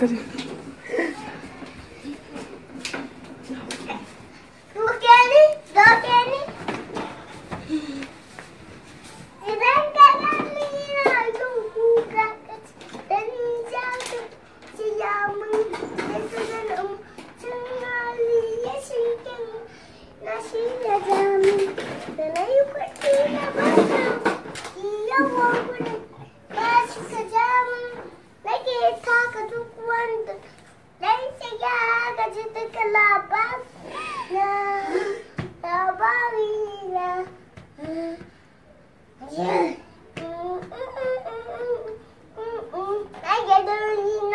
Hadi.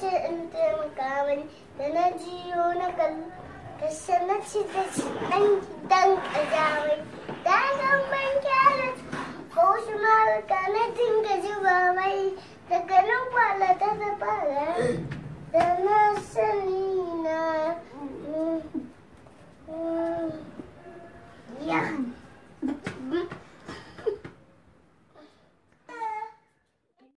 ce in taimaka mani da na jiyo na kallo kashe na ci da ci dan dan kazamai da mai